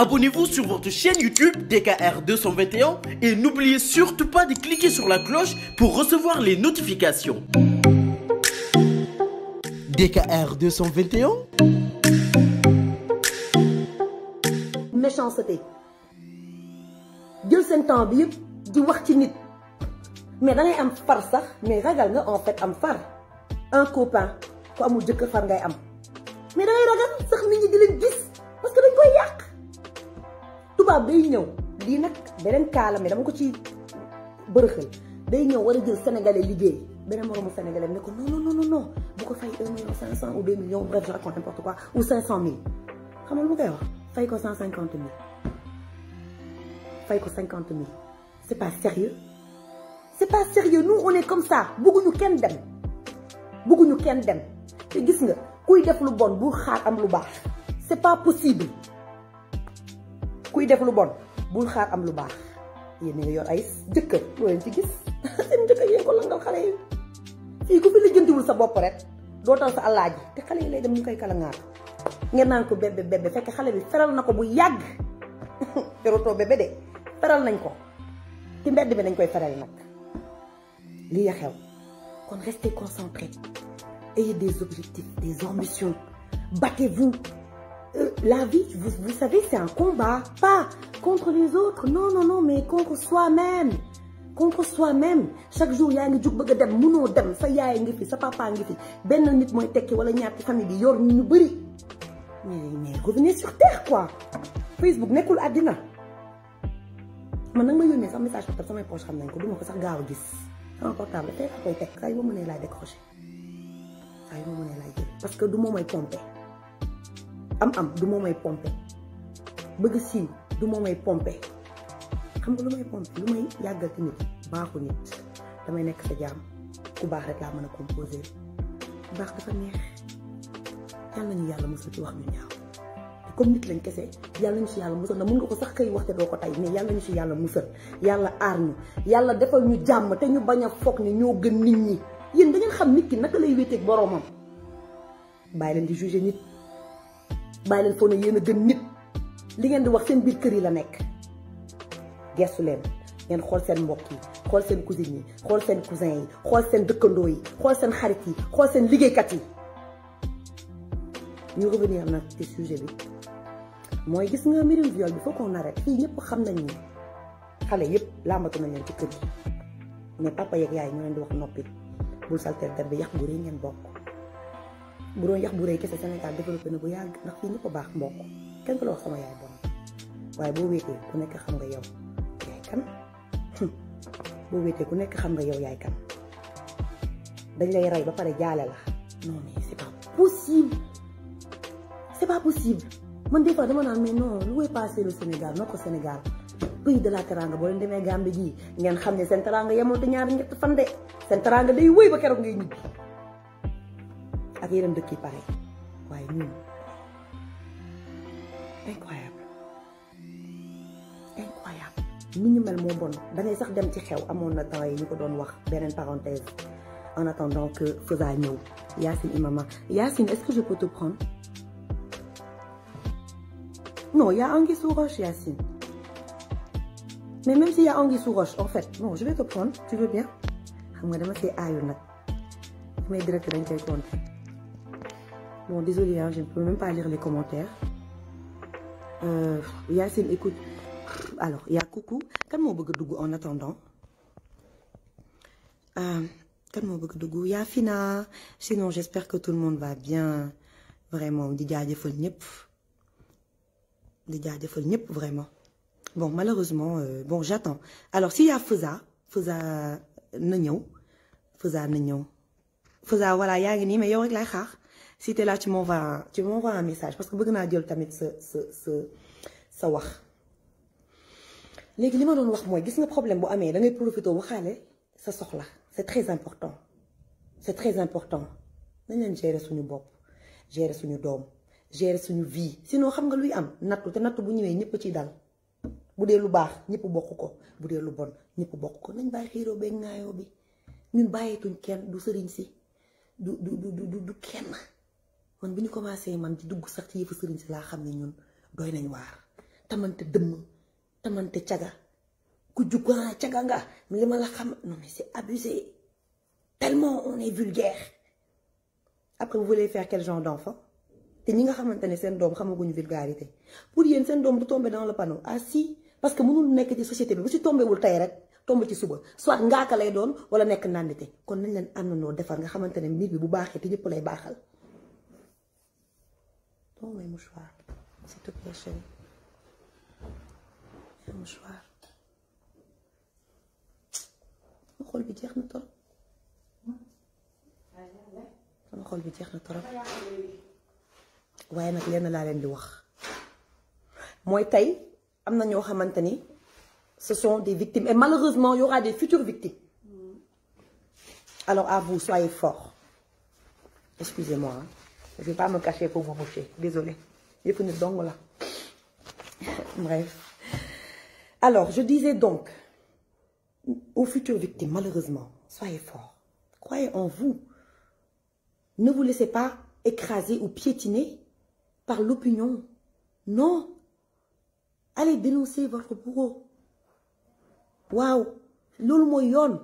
Abonnez-vous sur votre chaîne YouTube DKR 221 et n'oubliez surtout pas de cliquer sur la cloche pour recevoir les notifications. DKR 221. méchanceté jël seen temps bi yëpp di wax ci nit mais da ngay am far sax mais ragal nga en fait am far un copain ku amul jëkkër far ngay am mais da sax nit ñi di leen gis que dañ koy yàq. tubaab day ñëw lii nag beneen kaala mi dama ko ci bërëxal day ñëw war a jël sénégalais liggéey beneen moromu sénégalais ne ko non non non non bu ko fay 1 million 500 ou 2 millions bref je raconte n'importe quoi ou 500 mille xam nga lu ma koy wax fay ko 150 mille fay ko 50 mille c'est pas sérieux c'est pas sérieux nous on est comme ça bëgguñu kenn dem bëgguñu kenn dem te gis nga kuy def lu bon bu xaar am lu baax c'est pas possible. kuy def lu bon bul xaar am lu baax yéen nga yor ay jëkkër loo leen ci gis seen jëkkër yéen ko langal xale yi fii ku fi la jëndiwul sa bopp rek doo tal sa alaaji te xale yi lay dem ñu koy kalangaar ngeen naan ko bébé bébé fekk xale bi feral na ko bu yàgg ferotoo bébé de feral nañ ko ci mbedd bi dañ koy feral nag lii ya xew kon restez concentrés ayez des objectifs des ambitions battez-vous la vie, vous, vous savez, c'est un combat. Pas contre les autres, non, non, non, mais contre soi-même. contre soi-même chaque jour yaa ngi jug bëgg dem munoo dem sa yaay ngi fi sa papa ngi fi benn nit mooy tekki wala ñaati famille bi yor ñu ñu bëri mais mais revenez sur terre quoi Facebook nekkul àddina man nag ma yónnee sax message portable samay poche xam nañ ko du ma ko sax gaaw a gis sama portable tey laa koy teg saa yu ma mënee laay décroché saa yu ma mënee parce que du mooy am-am du moom ay pompe bëgg siiw du moo may pompé xam nga lu may pompé lu may yàggal ci nit baaxu nit damay nekk sa jaam ku baax rek laa mën a composé baax dafa neex yàlla nañu yàlla mosal ci wax ñu comme nit lañ kese yàlla nañu si yàlla musal na mun nga ko sax kay wax te ko tey mais yàlla si yàlla musal yàlla aar ñu yàlla defal ñu jàmm te ñu bañ a foog ni ñoo gën nit ñi yéen da xam nit ki naka lay wéeteeg boroomam bàyyi leen di jugé nit. bàyyi leen foo ne yéen gën nit li ngeen di wax seen biir kër yi la nekk gestu leen ngeen xool seen mbokk yi xool seen cousine xool seen cousin yi xool seen dëkkandoo yi xool seen xarit yi xool seen liggéeykat yi ñu revenir nag ci sujet bi mooy gis nga mbirum viol bi faut qu'on arrête fii ñëpp xam nañ ni xale yëpp làmbatu na leen ci kër gi mais papa yeeg yaay ñu leen di wax noppi bul salter der bi yàq gu rëy ngeen bokk bu doon yax bu rëy kese Sénégal développé na bu yàgg ndax fii ñëpp baax mbokk kenn ku la yaay bon waaye boo wéetee ku nekk xam nga yow yaay kan hmm. ku nekk xam nga yow yaay kan dañ lay rey ba pare jaale la non mais c'est pas possible c'est pas possible man des dama naan mais non lu way passé le Sénégal noo ko Sénégal pays de la teranga boo leen demee Gambie gii ngeen xam ne seen teranga yemoo te ñaari ñett fan de seen teranga day wéy ba keroog ngay ñibbi ak yeneen dëkk yi pare waaye ñun incroyable incroyable ni ñu mel sax dem ci xew amoon na temps ñu ko doon wax beneen parenthèse en attendant que Feuza ñëw Yacine Imama Yacine est-ce que je peux te prendre non y a anguille roche Yacine mais même si y a anguille sous roche en fait non je vais te prendre tu veux bien xam nga dama see aayu nag may dañ koy compter. Bon, désolé, hein, je ne peux même pas lire les commentaires. Euh, Yacine, écoute. Alors, il y a Coucou. Kan moo bëgg dugg en attendant euh, kan moo bëgg dugg yaa Fina sinon j'espère que tout le monde va bien vraiment di jaajëfal ñëpp di jaajëfal ñëpp vraiment bon malheureusement euh, bon j'attends alors s'il y a Feuza Feuza na ñëw Feuza na ñëw Feuza voilà yaa ngi nii mais yow rek laay xaar si t'es là tu m'envoies un message parce que bëgg naa jël tamit sa sa sa wax. léegi li ma doon wax mooy gis nga problème bu amee da ngay profité waxaale sa soxla c'est très important c'est très important nañ leen gérer suñu bopp gere suñu doom gere suñu vie sinon xam nga luy am nattu te nattu bu ñëwee ñëpp ci dal. bu dee lu baax ñëpp bokk ko bu dee lu bon ñëpp bokk ko nañ bàyyi xiiroo beeg ngaayoo bi ñun bàyyeetuñ kenn du sëriñ si du du du du du kenn kon bi ñu commencé man di dugg sax ci yëfu sëriñ si laa xam ni ñun doy nañ waar tamante dëmm tamante caga ku jug caga nga li ma la xam non mais c'est abusé tellement on est vulgaire après vous voulez faire quel genre d'enfant te ñi nga xamante ne seen doom xamaguñu vulgarité pour yéen seen doom du tomber dans le panneau ah si que mënul nekk ci société bi bu si tey rek tomb ci suba soit ngaaka lay doon wala nekk nàndite kon nañ leen àndandoo defar nga xamante ne nit bi bu baaxee te ñëpp lay baaxal. Toma aí, mouchoir. S'il te plaît, chérie. Un mouchoir. sama xol bi jeex na torop. sama xol bi jeex na torop. waaye nag lenn laa leen di wax. mooy tey am na ñoo xamante ni ce sont des victimes et malheureusement il y aura des futures victimes. alors à vous soyez forts. excusez-moi. Je ne vais pas me cacher pour me moucher. Désolée. Yëfu nit dong la. Bref. Alors, je disais donc aux futures victimes, malheureusement, soyez forts. Croyez en vous. Ne vous laissez pas écraser ou piétiner par l'opinion. Non. Allez dénoncer votre bourreau. waaw loolu mooy yoon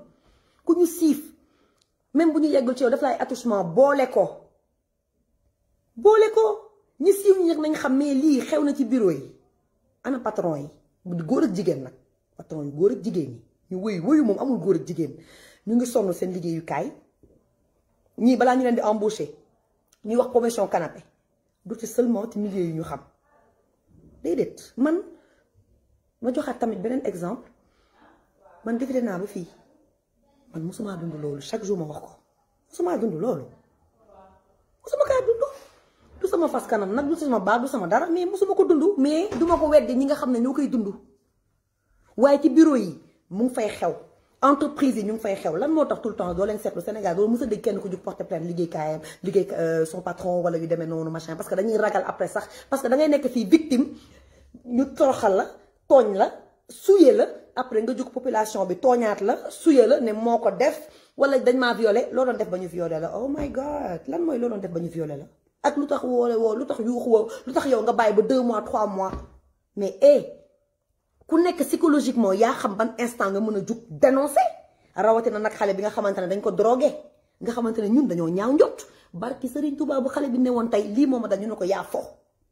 ku ñu même bu ñu yeggul ci yow daf lay boole ko boole ko ñi siiw ñi nag nañ xam mais lii xew na ci bureau yi ana patron yi góor ak jigéen nag patron yu góor ak jigéen ñi ñu wëyu wëyu moom amul góor ak jigéen ñu ngi sonn seen liggéeyukaay ñii balaa ñu leen di embaucher ñuy wax promotion canapé du ci seulement ci milieu yu ñu xam déedéet man ma joxaat tamit beneen exemple man défilé naa ba fii man mosumaa dund loolu chaque jour ma wax ko mosumaa dund loolu mosuma kaa sama fas kanam nag du sama baat dara mais mosuma ko dund mais duma ko nga xam ne ñoo koy dund waaye ci bureau yi mu ngi fay xew entreprise yi ñu ngi fay xew lan moo tax tout le temps doo leen seetlu Sénégal doo mës a dégg kenn ku jug porter plainte euh, wala yu demee noonu machin parce que ragal après sax parce que da ngay nekk fii victime ñu toroxal la tooñ la suye la après nga jug population bi tooñaat la suye la ne moo ko def wala dañ maa violé loo doon def ba ñu violé la oh my god lan mooy loo doon def ba ñu violé la. ak lu tax woole woo lu tax yuuxu woo lu tax yow nga bàyyi ba deux mois trois mois mais eh, ku nekk psychologiquement yaa xam ban instant nga mën a jug dénoncer rawatina nag xale bi nga xamante ne dañ ko drogué nga xamante ne ñun dañoo ñaaw njot barki sëriñ Touba bu xale bi ne woon tey lii moom a dañu ne ko yaa fo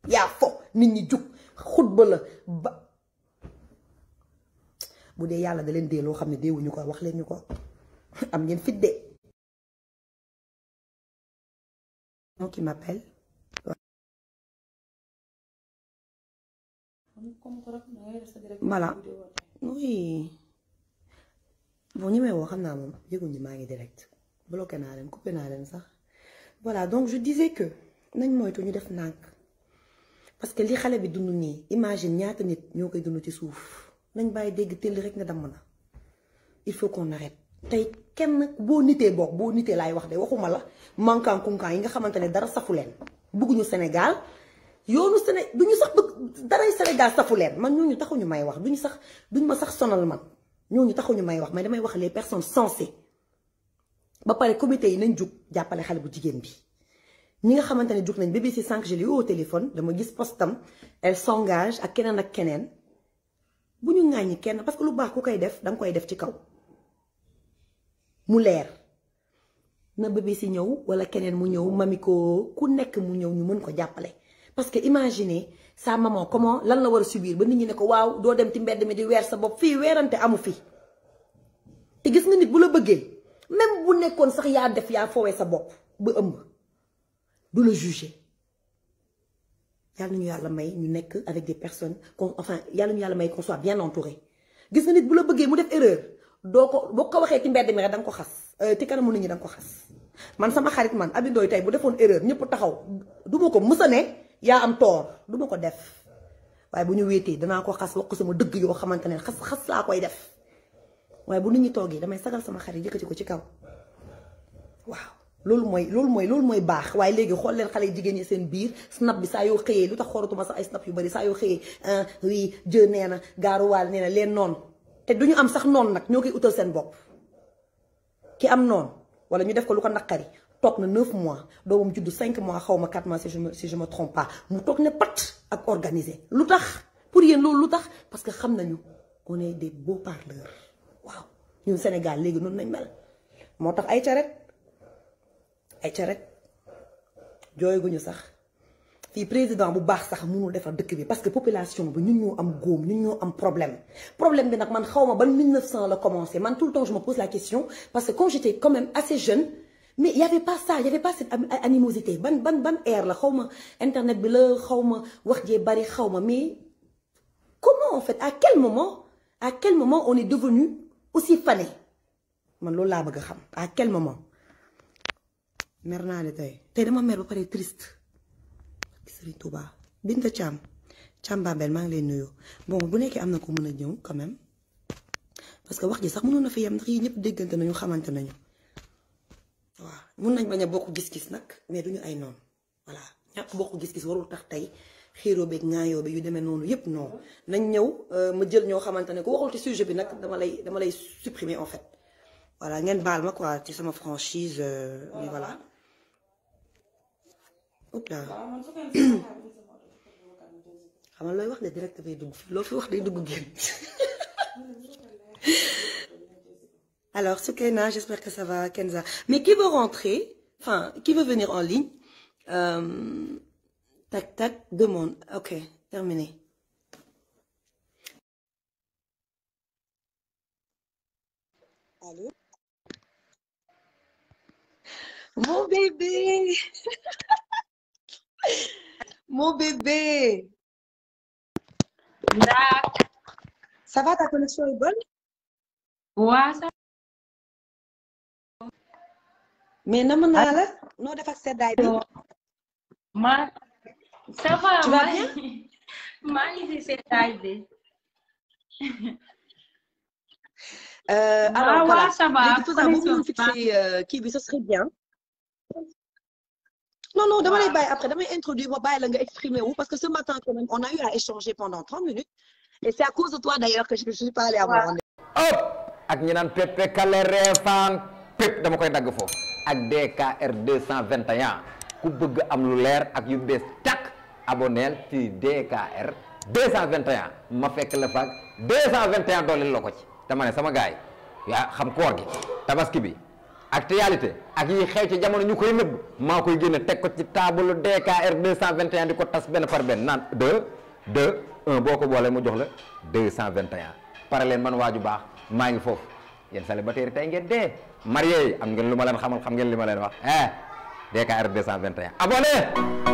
yaa fo nit ñi jug xutba la ba bu dee yàlla da leen dee loo xam ne deewuñu ko wax leen ñu ko am ngeen fit de qui m'appelle. voilà. oui. bon ñi may woo xam naa moom yëguñu maa ngi direct bloqué naa leen coupé naa leen sax voilà donc je disais que nañ moytu ñu def nànk parce que li xale bi dund nii imagine ñaata nit ñoo koy dund ci suuf nañ bàyyi dégg tëll rek nga damm na il faut qu'on arrête tey kenn nag boo nitee boog boo nitee laay wax de waxuma la mankan kunkan yi nga xamante ne dara safu leen bëgguñu Sénégal yoonu Séné du ñu sax bëgg daray Sénégal safu leen man taxu ñu may wax ñu sax duñu ma sax sonal man ñooñu ñu may wax mais damay wax les personnes sensées ba pare comité yi nañ jug jàppale xale bu jigéen bi ñi nga xamante ne jug nañ ba bébé si sànq je l'ai eu téléphone dama gis postam elle songage ak keneen ak keneen bu ñu ŋàññi kenn parce que lu baax ku koy def danga koy def ci kaw mu leer na bébé si ñëw wala keneen mu ñëw mami ko ku nekk mu ñëw ñu mën ko jàppale parce que imaginez sa maman comment lan la war a subir ba nit ñi ne ko waaw doo dem ti mbedd mi di weer sa bopp fii weerante amu fii te gis nga nit bu la bëggee même nekkoon sax yaa def yaa foowee sa bopp ba ëmb du la yàlla may ñu nekk avec des personnes qu'on enfin yàlla may qu'on soit bien entouré gis nga nit bu la bëggee mu def erreur doo ko boo ko waxee ci mbedd mi danga ko xas euh, ci kanamu nit ñi da ko xas man sama xarit man Aby Ndoye tey bu defoon erreur ñëpp taxaw du ma ko mësa ne yaa am toor du ma ko def waaye bu ñu wéetee danaa ko xas wax sama dëgg yoo xamante ne xas xas laa koy def waaye bu nit ñi toogee damay sagal sama xarit yëkkati ko ci kaw waaw. loolu mooy loolu mooy loolu mooy baax waaye léegi xool leen xale yi jigéen ñi seen biir snap bi saa yoo xëyee lu tax xooratuma sax ay snap yu bari saa yoo xëyee euh, oui jë nee na gaaruwaal nee na leen noonu. te du ñu am sax noon nag ñoo koy utal seen bopp ki am noon wala ñu def ko lu ko naqari toog na 9 mois doomam juddu cinq mois xaw ma 4 mois si je me si mu toog ne pat ak organiser lu tax pour yéen loolu lu tax parce que xam nañu on est des beaux parleurs waaw ñun Sénégal léegi noonu nañ mel moo tax ay caret ay caret jooy guñu sax. fii président bu baax sax mu munul defar dëkk bi parce que population bi ñun ñoo am góom ñun ñoo am problème problème bi nag man xaw ma ban 1900 la commencé man tout le temps je me pose la question parce que quand j'étais quand même assez jeune mais il y avait pas ça il cette animosité ban ba ban air la xaw ma internet bi la xaw ma wax jee bari xaw ma mais comment en fait à quel moment à quel moment on est devenu aussi fané man loolu laa bëgg a xam à quel moment naa ne tey tey dama mer ba Serigne Touba Binta Thiam Thiam Babel maa ngi lay nuyu bon bu nekkee am na ko mën a ñëw quand même parce que wax ji sax mënoon na fi yem ndax ñëpp déggante nañu xamante nañu waaw mun nañ bañ a bokk gis-gis nag mais duñu ay noonu voilà ñàkk bokk gis-gis warul tax tey xiiroo beeg ñaayoo bi yu demee noonu yépp non nañ ñëw euh, ma jël ñoo xamante ne ko waxul ci sujet bi nag dama lay dama lay supprimer en fait voilà ngeen baal ma quoi ci sama franchise mais euh, voilà. ut naa xam nga looy wax ne dugg fii loo fi wax day dugg génn alors Soukeyna j'espère que ça va Kenza mais qui veut rentrer qui veut venir en ligne euh, tac demande ok terminé Mon bébé Ndak Ça va, ta connexion est bonne Ouais, ça va. mais namm naa la noo def ak seddaay bi ma ça va tu vas bien maa ngi si seddaay bi euh, ah, euh, kii bi ce non non dama lay bàyyi après damay introduire ma bàyyi la nga exprimer wu parce que ce matin quand même on a eu à échanger pendant trente minutes et c'est à cause de toi d'ailleurs que je suis pas ak ñi naan pepe kale reefaan pep dama koy dagg foofu ak d cent DKR 221 ku bëgg am lu leer ak yu bees tàkk aboneel ci DKR 221 ma fekk la faag 221 dooleel la ko ci dama ne sama gaay yaa xam koor gi tabaski bi. ak réalité ak yi xew ci jamono ñu koy nëbb maa koy génne teg ko ci table DKR 221 di ko tas benn par benn naan de de 1 boo ko boolee mu jox la de vingt 221 par leen man waaju baax maa ngi foofu yéen célibataire yi ngeen dee marié yi am ngeen lu ma leen xamal xam ngeen li ma leen wax eh DKR 221 abonné